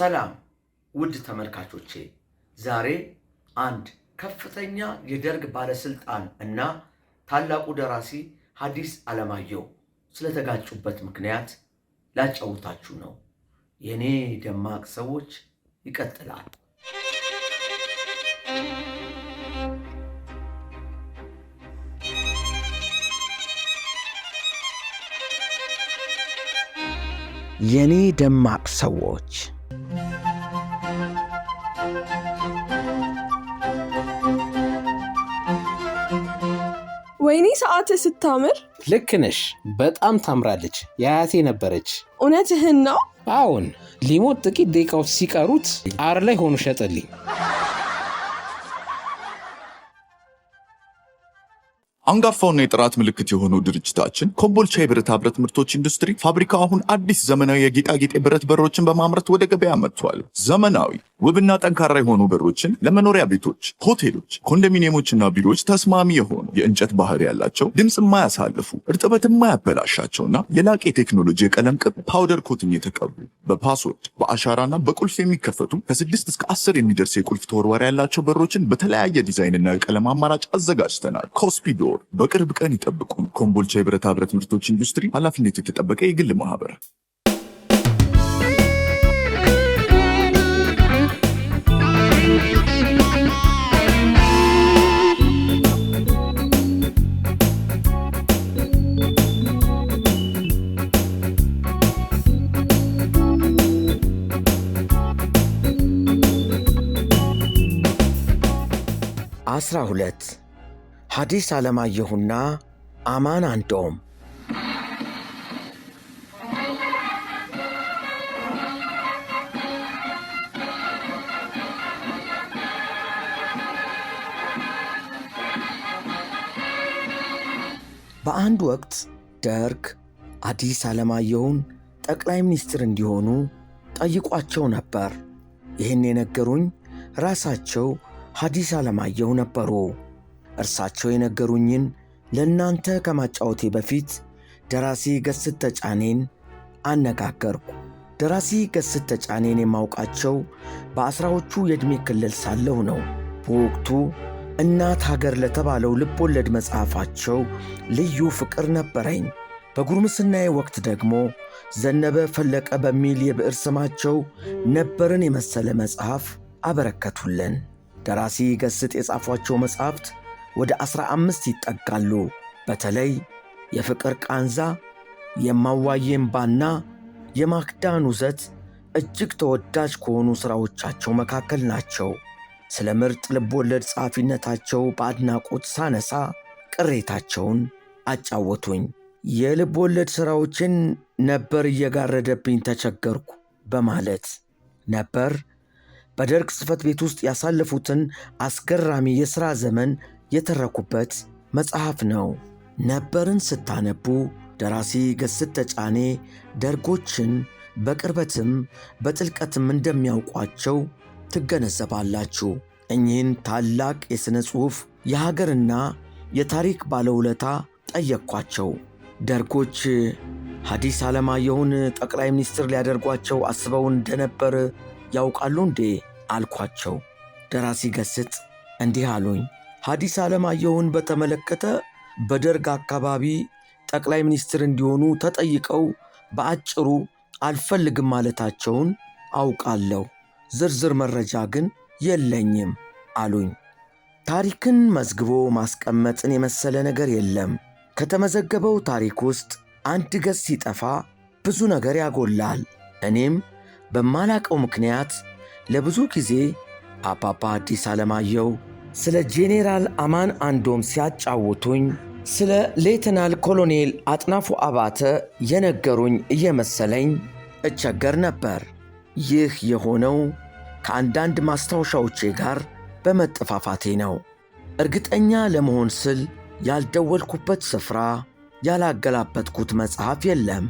ሰላም ውድ ተመልካቾቼ፣ ዛሬ አንድ ከፍተኛ የደርግ ባለስልጣን እና ታላቁ ደራሲ ሐዲስ ዓለማየሁ ስለተጋጩበት ምክንያት ላጫውታችሁ ነው። የእኔ ደማቅ ሰዎች ይቀጥላል። የእኔ ደማቅ ሰዎች ወይኔ ሰዓት ስታምር! ልክ ነሽ፣ በጣም ታምራለች። የአያቴ ነበረች። እውነትህን ነው? አዎን፣ ሊሞት ጥቂት ደቂቃዎች ሲቀሩት አር ላይ ሆኖ ሸጠልኝ። አንጋፋውና የጥራት ምልክት የሆነው ድርጅታችን ኮምቦልቻ የብረታ ብረት ምርቶች ኢንዱስትሪ ፋብሪካው አሁን አዲስ ዘመናዊ የጌጣጌጥ ብረት በሮችን በማምረት ወደ ገበያ መጥቷል። ዘመናዊ ውብና ጠንካራ የሆኑ በሮችን ለመኖሪያ ቤቶች፣ ሆቴሎች፣ ኮንዶሚኒየሞችና ቢሮዎች ተስማሚ የሆኑ የእንጨት ባህር ያላቸው ድምፅ የማያሳልፉ እርጥበት የማያበላሻቸውና የላቅ የቴክኖሎጂ የቀለም ቅብ ፓውደር ኮትኝ የተቀቡ በፓስወርድ በአሻራና በቁልፍ የሚከፈቱ ከስድስት እስከ አስር የሚደርስ የቁልፍ ተወርዋር ያላቸው በሮችን በተለያየ ዲዛይንና የቀለም አማራጭ አዘጋጅተናል። ኮስፒዶር ናቸው። በቅርብ ቀን ይጠብቁ። ኮምቦልቻ የብረታ ብረት ምርቶች ኢንዱስትሪ ኃላፊነቱ የተጠበቀ የግል ማህበር አስራ ሁለት ሐዲስ ዓለማየሁና አማን አንዶም በአንድ ወቅት ደርግ ሐዲስ ዓለማየሁን ጠቅላይ ሚኒስትር እንዲሆኑ ጠይቋቸው ነበር። ይህን የነገሩኝ ራሳቸው ሐዲስ ዓለማየሁ ነበሩ። እርሳቸው የነገሩኝን ለእናንተ ከማጫወቴ በፊት ደራሲ ገስት ተጫኔን አነጋገርኩ። ደራሲ ገስት ተጫኔን የማውቃቸው በአስራዎቹ የዕድሜ ክልል ሳለሁ ነው። በወቅቱ እናት ሀገር ለተባለው ልብ ወለድ መጽሐፋቸው ልዩ ፍቅር ነበረኝ። በጉርምስናዬ ወቅት ደግሞ ዘነበ ፈለቀ በሚል የብዕር ስማቸው ነበርን የመሰለ መጽሐፍ አበረከቱልን። ደራሲ ገስት የጻፏቸው መጽሐፍት ወደ አስራ አምስት ይጠጋሉ። በተለይ የፍቅር ቃንዛ፣ የማዋዬምባና የማክዳን ውዘት እጅግ ተወዳጅ ከሆኑ ሥራዎቻቸው መካከል ናቸው። ስለ ምርጥ ልቦለድ ጸሐፊነታቸው በአድናቆት ሳነሳ ቅሬታቸውን አጫወቱኝ። የልብ ወለድ ሥራዎችን ነበር እየጋረደብኝ ተቸገርኩ በማለት ነበር በደርግ ጽሕፈት ቤት ውስጥ ያሳለፉትን አስገራሚ የሥራ ዘመን የተረኩበት መጽሐፍ ነው። ነበርን ስታነቡ ደራሲ ገስት ተጫኔ ደርጎችን በቅርበትም በጥልቀትም እንደሚያውቋቸው ትገነዘባላችሁ። እኚህን ታላቅ የሥነ ጽሑፍ የሀገርና የታሪክ ባለውለታ ጠየቅኳቸው። ደርጎች ሐዲስ ዓለማየሁን ጠቅላይ ሚኒስትር ሊያደርጓቸው አስበው እንደነበር ያውቃሉ እንዴ? አልኳቸው። ደራሲ ገስጥ እንዲህ አሉኝ። ሐዲስ ዓለማየሁን በተመለከተ በደርግ አካባቢ ጠቅላይ ሚኒስትር እንዲሆኑ ተጠይቀው በአጭሩ አልፈልግም ማለታቸውን አውቃለሁ፣ ዝርዝር መረጃ ግን የለኝም አሉኝ። ታሪክን መዝግቦ ማስቀመጥን የመሰለ ነገር የለም። ከተመዘገበው ታሪክ ውስጥ አንድ ገጽ ሲጠፋ ብዙ ነገር ያጎላል። እኔም በማላቀው ምክንያት ለብዙ ጊዜ አፓፓ ሐዲስ ዓለማየሁ ስለ ጄኔራል አማን አንዶም ሲያጫውቱኝ ስለ ሌተናል ኮሎኔል አጥናፉ አባተ የነገሩኝ እየመሰለኝ እቸገር ነበር። ይህ የሆነው ከአንዳንድ ማስታወሻዎቼ ጋር በመጠፋፋቴ ነው። እርግጠኛ ለመሆን ስል ያልደወልኩበት ስፍራ፣ ያላገላበጥኩት መጽሐፍ የለም።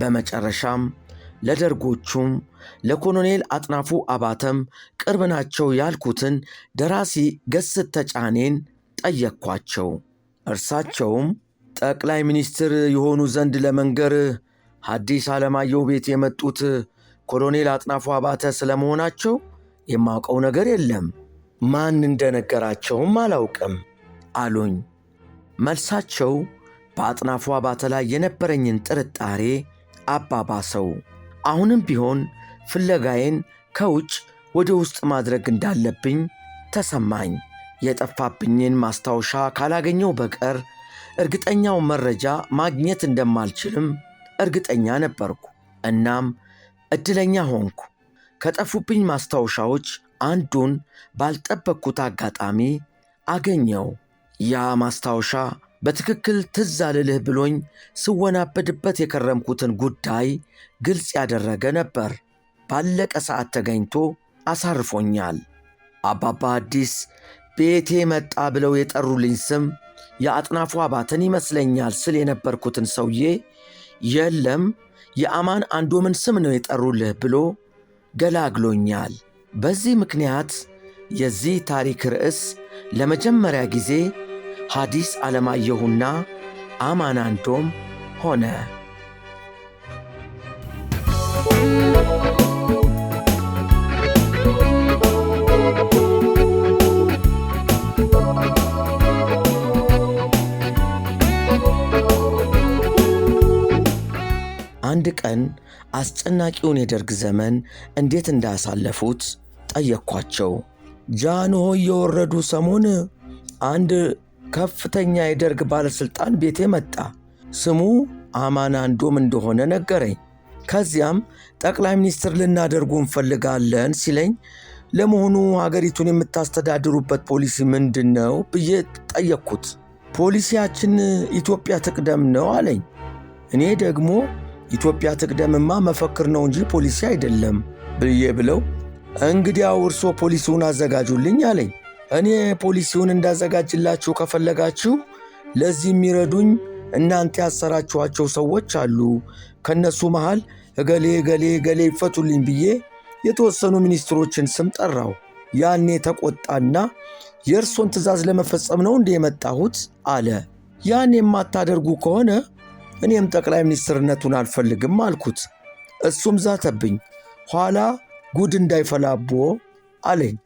በመጨረሻም ለደርጎቹም ለኮሎኔል አጥናፉ አባተም ቅርብ ናቸው ያልኩትን ደራሲ ገስት ተጫኔን ጠየቅኳቸው። እርሳቸውም ጠቅላይ ሚኒስትር የሆኑ ዘንድ ለመንገር ሐዲስ ዓለማየሁ ቤት የመጡት ኮሎኔል አጥናፉ አባተ ስለመሆናቸው የማውቀው ነገር የለም፣ ማን እንደነገራቸውም አላውቅም አሉኝ። መልሳቸው በአጥናፉ አባተ ላይ የነበረኝን ጥርጣሬ አባባሰው። አሁንም ቢሆን ፍለጋዬን ከውጭ ወደ ውስጥ ማድረግ እንዳለብኝ ተሰማኝ። የጠፋብኝን ማስታወሻ ካላገኘው በቀር እርግጠኛው መረጃ ማግኘት እንደማልችልም እርግጠኛ ነበርኩ። እናም ዕድለኛ ሆንኩ። ከጠፉብኝ ማስታወሻዎች አንዱን ባልጠበቅኩት አጋጣሚ አገኘው። ያ ማስታወሻ በትክክል ትዝ አልልህ ብሎኝ ስወናበድበት የከረምኩትን ጉዳይ ግልጽ ያደረገ ነበር። ባለቀ ሰዓት ተገኝቶ አሳርፎኛል። አባባ አዲስ ቤቴ መጣ ብለው የጠሩልኝ ስም የአጥናፉ አባትን ይመስለኛል ስል የነበርኩትን ሰውዬ የለም የአማን አንዶምን ስም ነው የጠሩልህ ብሎ ገላግሎኛል። በዚህ ምክንያት የዚህ ታሪክ ርዕስ ለመጀመሪያ ጊዜ ሐዲስ ዓለማየሁና አማናንዶም ሆነ። አንድ ቀን አስጨናቂውን የደርግ ዘመን እንዴት እንዳሳለፉት ጠየቅኳቸው። ጃንሆይ የወረዱ ሰሞን አንድ ከፍተኛ የደርግ ባለሥልጣን ቤቴ መጣ። ስሙ አማናንዶም እንደሆነ ነገረኝ። ከዚያም ጠቅላይ ሚኒስትር ልናደርጉ እንፈልጋለን ሲለኝ ለመሆኑ ሀገሪቱን የምታስተዳድሩበት ፖሊሲ ምንድን ነው ብዬ ጠየቅኩት። ፖሊሲያችን ኢትዮጵያ ትቅደም ነው አለኝ። እኔ ደግሞ ኢትዮጵያ ትቅደምማ መፈክር ነው እንጂ ፖሊሲ አይደለም ብዬ ብለው እንግዲያው እርሶ ፖሊሲውን አዘጋጁልኝ አለኝ። እኔ ፖሊሲውን እንዳዘጋጅላችሁ ከፈለጋችሁ ለዚህ የሚረዱኝ እናንተ ያሰራችኋቸው ሰዎች አሉ። ከእነሱ መሃል እገሌ እገሌ እገሌ ይፈቱልኝ ብዬ የተወሰኑ ሚኒስትሮችን ስም ጠራው። ያኔ ተቆጣና የእርሶን ትዕዛዝ ለመፈጸም ነው እንደ የመጣሁት አለ። ያን የማታደርጉ ከሆነ እኔም ጠቅላይ ሚኒስትርነቱን አልፈልግም አልኩት። እሱም ዛተብኝ። ኋላ ጉድ እንዳይፈላቦ አለኝ።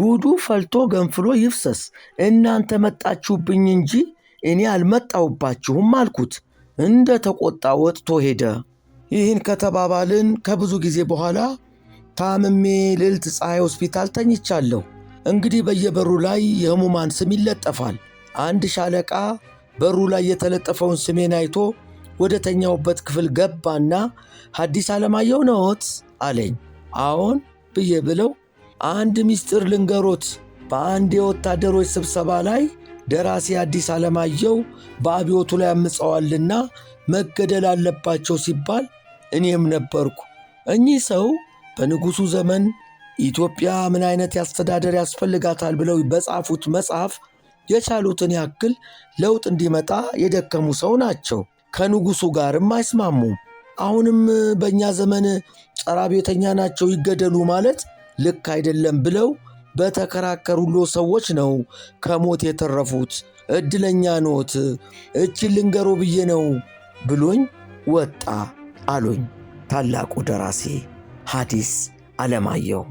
ጉዱ ፈልቶ ገንፍሎ ይፍሰስ፣ እናንተ መጣችሁብኝ እንጂ እኔ አልመጣሁባችሁም አልኩት። እንደ ተቆጣ ወጥቶ ሄደ። ይህን ከተባባልን ከብዙ ጊዜ በኋላ ታምሜ ልዕልት ፀሐይ ሆስፒታል ተኝቻለሁ። እንግዲህ በየበሩ ላይ የህሙማን ስም ይለጠፋል። አንድ ሻለቃ በሩ ላይ የተለጠፈውን ስሜን አይቶ ወደ ተኛውበት ክፍል ገባና ሐዲስ ዓለማየሁ ነዎት አለኝ። አዎን ብዬ ብለው አንድ ምስጢር ልንገሮት። በአንድ የወታደሮች ስብሰባ ላይ ደራሲ አዲስ አለማየው በአብዮቱ ላይ አምፀዋልና መገደል አለባቸው ሲባል እኔም ነበርኩ። እኚህ ሰው በንጉሡ ዘመን ኢትዮጵያ ምን አይነት አስተዳደር ያስፈልጋታል ብለው በጻፉት መጽሐፍ የቻሉትን ያክል ለውጥ እንዲመጣ የደከሙ ሰው ናቸው። ከንጉሡ ጋርም አይስማሙም። አሁንም በእኛ ዘመን ጸራ ቤተኛ ናቸው ይገደሉ ማለት ልክ አይደለም ብለው በተከራከሩሎ ሰዎች ነው ከሞት የተረፉት። እድለኛ ኖት፣ እቺ ልንገሮ ብዬ ነው ብሎኝ ወጣ አሉኝ ታላቁ ደራሲ ሐዲስ ዓለማየሁ።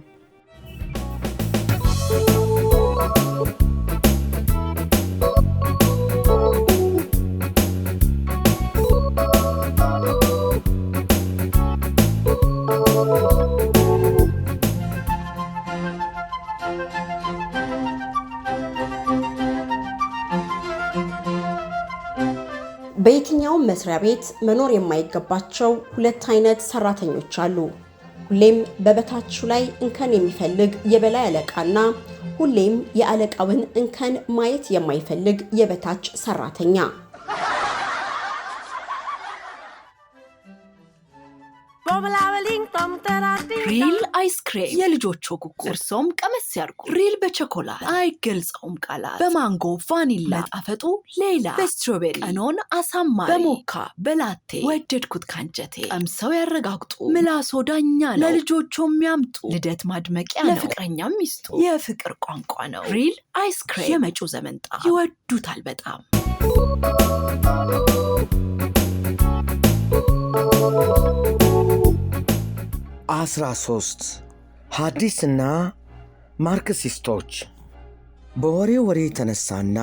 መስሪያ ቤት መኖር የማይገባቸው ሁለት አይነት ሰራተኞች አሉ። ሁሌም በበታቹ ላይ እንከን የሚፈልግ የበላይ አለቃና ሁሌም የአለቃውን እንከን ማየት የማይፈልግ የበታች ሰራተኛ። ሪል አይስክሬም የልጆቹ ጉጉር። እርሶም ቀመስ ያርጉ። ሪል በቸኮላት አይገልጸውም ቃላት። በማንጎ ቫኒላ መጣፈጡ ሌላ፣ በስትሮቤሪ ቀኖን አሳማሪ፣ በሞካ በላቴ ወደድኩት ካንጀቴ። ቀምሰው ያረጋግጡ፣ ምላሶ ዳኛ ነው። ለልጆቹ የሚያምጡ ልደት ማድመቂያ ነው፣ ለፍቅረኛ ሚስጡ የፍቅር ቋንቋ ነው። ሪል አይስክሬም የመጪው ዘመንጣ ይወዱታል በጣም። 13 ሐዲስና ማርክሲስቶች በወሬ ወሬ የተነሳና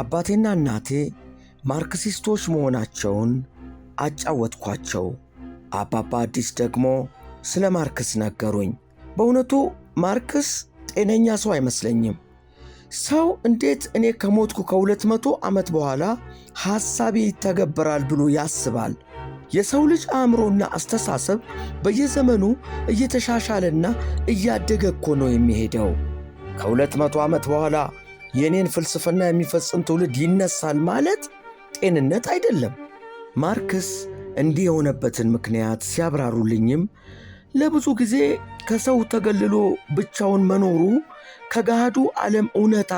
አባቴና እናቴ ማርክሲስቶች መሆናቸውን አጫወትኳቸው። አባባ አዲስ ደግሞ ስለ ማርክስ ነገሩኝ። በእውነቱ ማርክስ ጤነኛ ሰው አይመስለኝም። ሰው እንዴት እኔ ከሞትኩ ከሁለት መቶ ዓመት በኋላ ሐሳቤ ይተገበራል ብሎ ያስባል የሰው ልጅ አእምሮና አስተሳሰብ በየዘመኑ እየተሻሻለና እያደገ እኮ ነው የሚሄደው። ከሁለት መቶ ዓመት በኋላ የእኔን ፍልስፍና የሚፈጽም ትውልድ ይነሳል ማለት ጤንነት አይደለም። ማርክስ እንዲህ የሆነበትን ምክንያት ሲያብራሩልኝም ለብዙ ጊዜ ከሰው ተገልሎ ብቻውን መኖሩ ከገሃዱ ዓለም እውነታ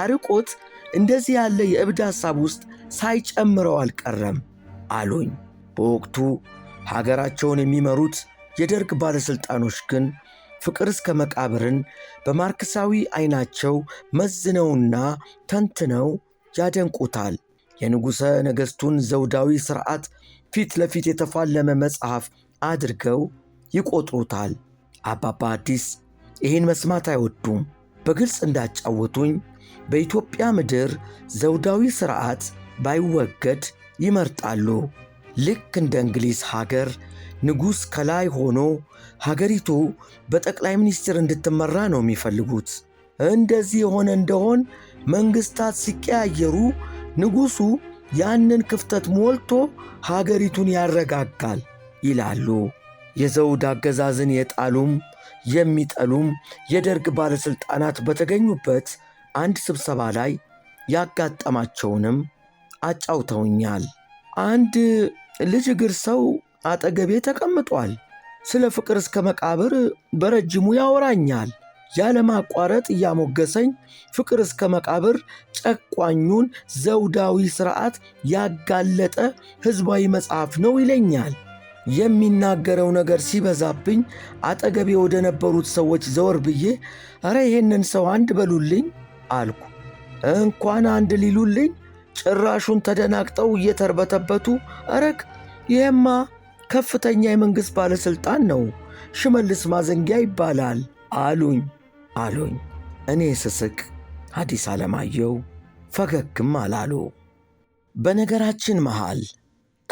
አርቆት እንደዚህ ያለ የእብድ ሐሳብ ውስጥ ሳይጨምረው አልቀረም አሉኝ። በወቅቱ ሀገራቸውን የሚመሩት የደርግ ባለሥልጣኖች ግን ፍቅር እስከ መቃብርን በማርክሳዊ ዐይናቸው መዝነውና ተንትነው ያደንቁታል። የንጉሠ ነገሥቱን ዘውዳዊ ሥርዓት ፊት ለፊት የተፋለመ መጽሐፍ አድርገው ይቆጥሩታል። አባባ አዲስ ይህን መስማት አይወዱም። በግልጽ እንዳጫወቱኝ በኢትዮጵያ ምድር ዘውዳዊ ሥርዓት ባይወገድ ይመርጣሉ። ልክ እንደ እንግሊዝ ሀገር ንጉሥ ከላይ ሆኖ ሀገሪቱ በጠቅላይ ሚኒስትር እንድትመራ ነው የሚፈልጉት። እንደዚህ የሆነ እንደሆን መንግስታት ሲቀያየሩ ንጉሡ ያንን ክፍተት ሞልቶ ሀገሪቱን ያረጋጋል ይላሉ። የዘውድ አገዛዝን የጣሉም የሚጠሉም የደርግ ባለሥልጣናት በተገኙበት አንድ ስብሰባ ላይ ያጋጠማቸውንም አጫውተውኛል። አንድ ልጅ እግር ሰው አጠገቤ ተቀምጧል። ስለ ፍቅር እስከ መቃብር በረጅሙ ያወራኛል። ያለማቋረጥ እያሞገሰኝ ፍቅር እስከ መቃብር ጨቋኙን ዘውዳዊ ሥርዓት ያጋለጠ ሕዝባዊ መጽሐፍ ነው ይለኛል። የሚናገረው ነገር ሲበዛብኝ አጠገቤ ወደ ነበሩት ሰዎች ዘወር ብዬ እረ ይሄንን ሰው አንድ በሉልኝ አልኩ። እንኳን አንድ ሊሉልኝ ጭራሹን ተደናግጠው እየተርበተበቱ አረግ ይህማ ከፍተኛ የመንግሥት ባለሥልጣን ነው፣ ሽመልስ ማዘንጊያ ይባላል አሉኝ አሉኝ። እኔ ስስቅ ሐዲስ ዓለማየሁ ፈገግም አላሉ። በነገራችን መሃል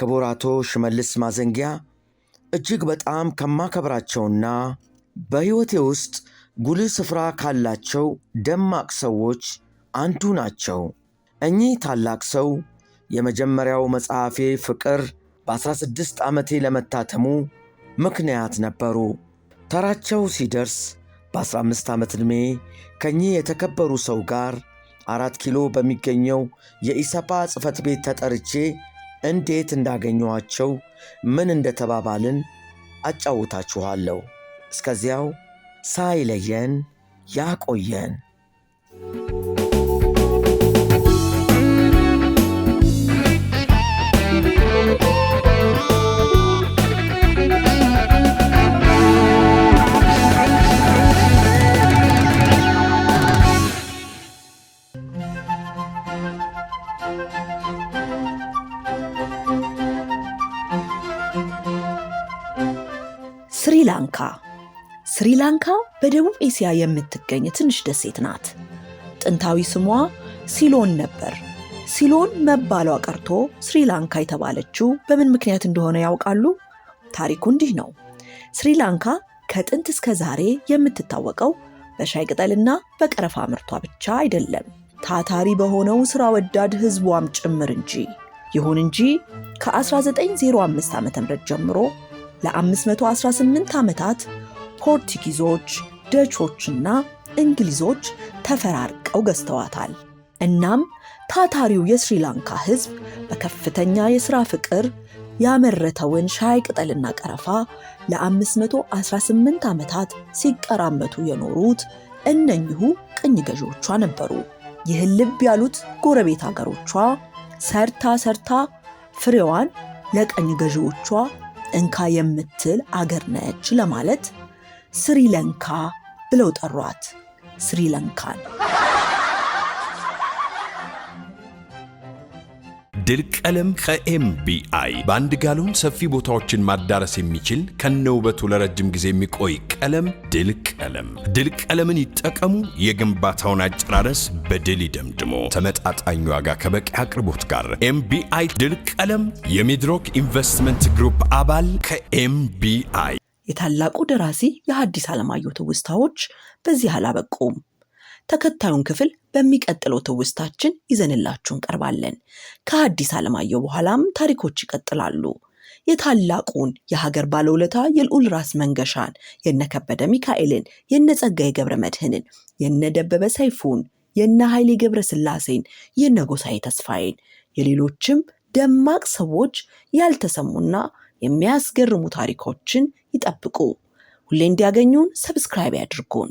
ክቡር አቶ ሽመልስ ማዘንጊያ እጅግ በጣም ከማከብራቸውና በሕይወቴ ውስጥ ጉልህ ስፍራ ካላቸው ደማቅ ሰዎች አንዱ ናቸው። እኚህ ታላቅ ሰው የመጀመሪያው መጽሐፌ ፍቅር በ16 ዓመቴ ለመታተሙ ምክንያት ነበሩ። ተራቸው ሲደርስ በ15 ዓመት ዕድሜ ከኚህ የተከበሩ ሰው ጋር አራት ኪሎ በሚገኘው የኢሰፓ ጽሕፈት ቤት ተጠርቼ እንዴት እንዳገኘኋቸው ምን እንደተባባልን አጫውታችኋለሁ። እስከዚያው ሳይለየን ያቆየን። ስሪላንካ ስሪላንካ በደቡብ ኤስያ የምትገኝ ትንሽ ደሴት ናት። ጥንታዊ ስሟ ሲሎን ነበር። ሲሎን መባሏ ቀርቶ ስሪላንካ የተባለችው በምን ምክንያት እንደሆነ ያውቃሉ? ታሪኩ እንዲህ ነው። ስሪላንካ ከጥንት እስከ ዛሬ የምትታወቀው በሻይ ቅጠልና በቀረፋ ምርቷ ብቻ አይደለም። ታታሪ በሆነው ስራ ወዳድ ህዝቧም ጭምር እንጂ። ይሁን እንጂ ከ1905 ዓ.ም ጀምሮ ለ518 ዓመታት ፖርቱጊዞች፣ ደቾችና እንግሊዞች ተፈራርቀው ገዝተዋታል። እናም ታታሪው የስሪላንካ ህዝብ በከፍተኛ የሥራ ፍቅር ያመረተውን ሻይ ቅጠልና ቀረፋ ለ518 ዓመታት ሲቀራመቱ የኖሩት እነኚሁ ቅኝ ገዢዎቿ ነበሩ። ይህን ልብ ያሉት ጎረቤት አገሮቿ ሰርታ ሰርታ ፍሬዋን ለቀኝ ገዢዎቿ እንካ የምትል አገር ነች ለማለት ስሪለንካ ብለው ጠሯት ስሪለንካን። ድል ቀለም ከኤምቢአይ በአንድ ጋሎን ሰፊ ቦታዎችን ማዳረስ የሚችል ከነውበቱ ለረጅም ጊዜ የሚቆይ ቀለም ድል ቀለም። ድል ቀለምን ይጠቀሙ። የግንባታውን አጨራረስ በድል ይደምድሞ። ተመጣጣኝ ዋጋ ከበቂ አቅርቦት ጋር ኤምቢአይ ድል ቀለም የሚድሮክ ኢንቨስትመንት ግሩፕ አባል ከኤምቢአይ። የታላቁ ደራሲ የሐዲስ ዓለማየሁ ትውስታዎች በዚህ አላበቁም። ተከታዩን ክፍል በሚቀጥለው ትውስታችን ይዘንላችሁ እንቀርባለን። ከሐዲስ ዓለማየሁ በኋላም ታሪኮች ይቀጥላሉ። የታላቁን የሀገር ባለውለታ የልዑል ራስ መንገሻን፣ የነከበደ ሚካኤልን፣ የነ ጸጋዬ ገብረ መድኅንን፣ ሰይፉን፣ የነ ኃይሌ ገብረ ስላሴን፣ የነ ጎሳዬ ተስፋዬን፣ የሌሎችም ደማቅ ሰዎች ያልተሰሙና የሚያስገርሙ ታሪኮችን ይጠብቁ። ሁሌ እንዲያገኙን ሰብስክራይብ ያድርጉን።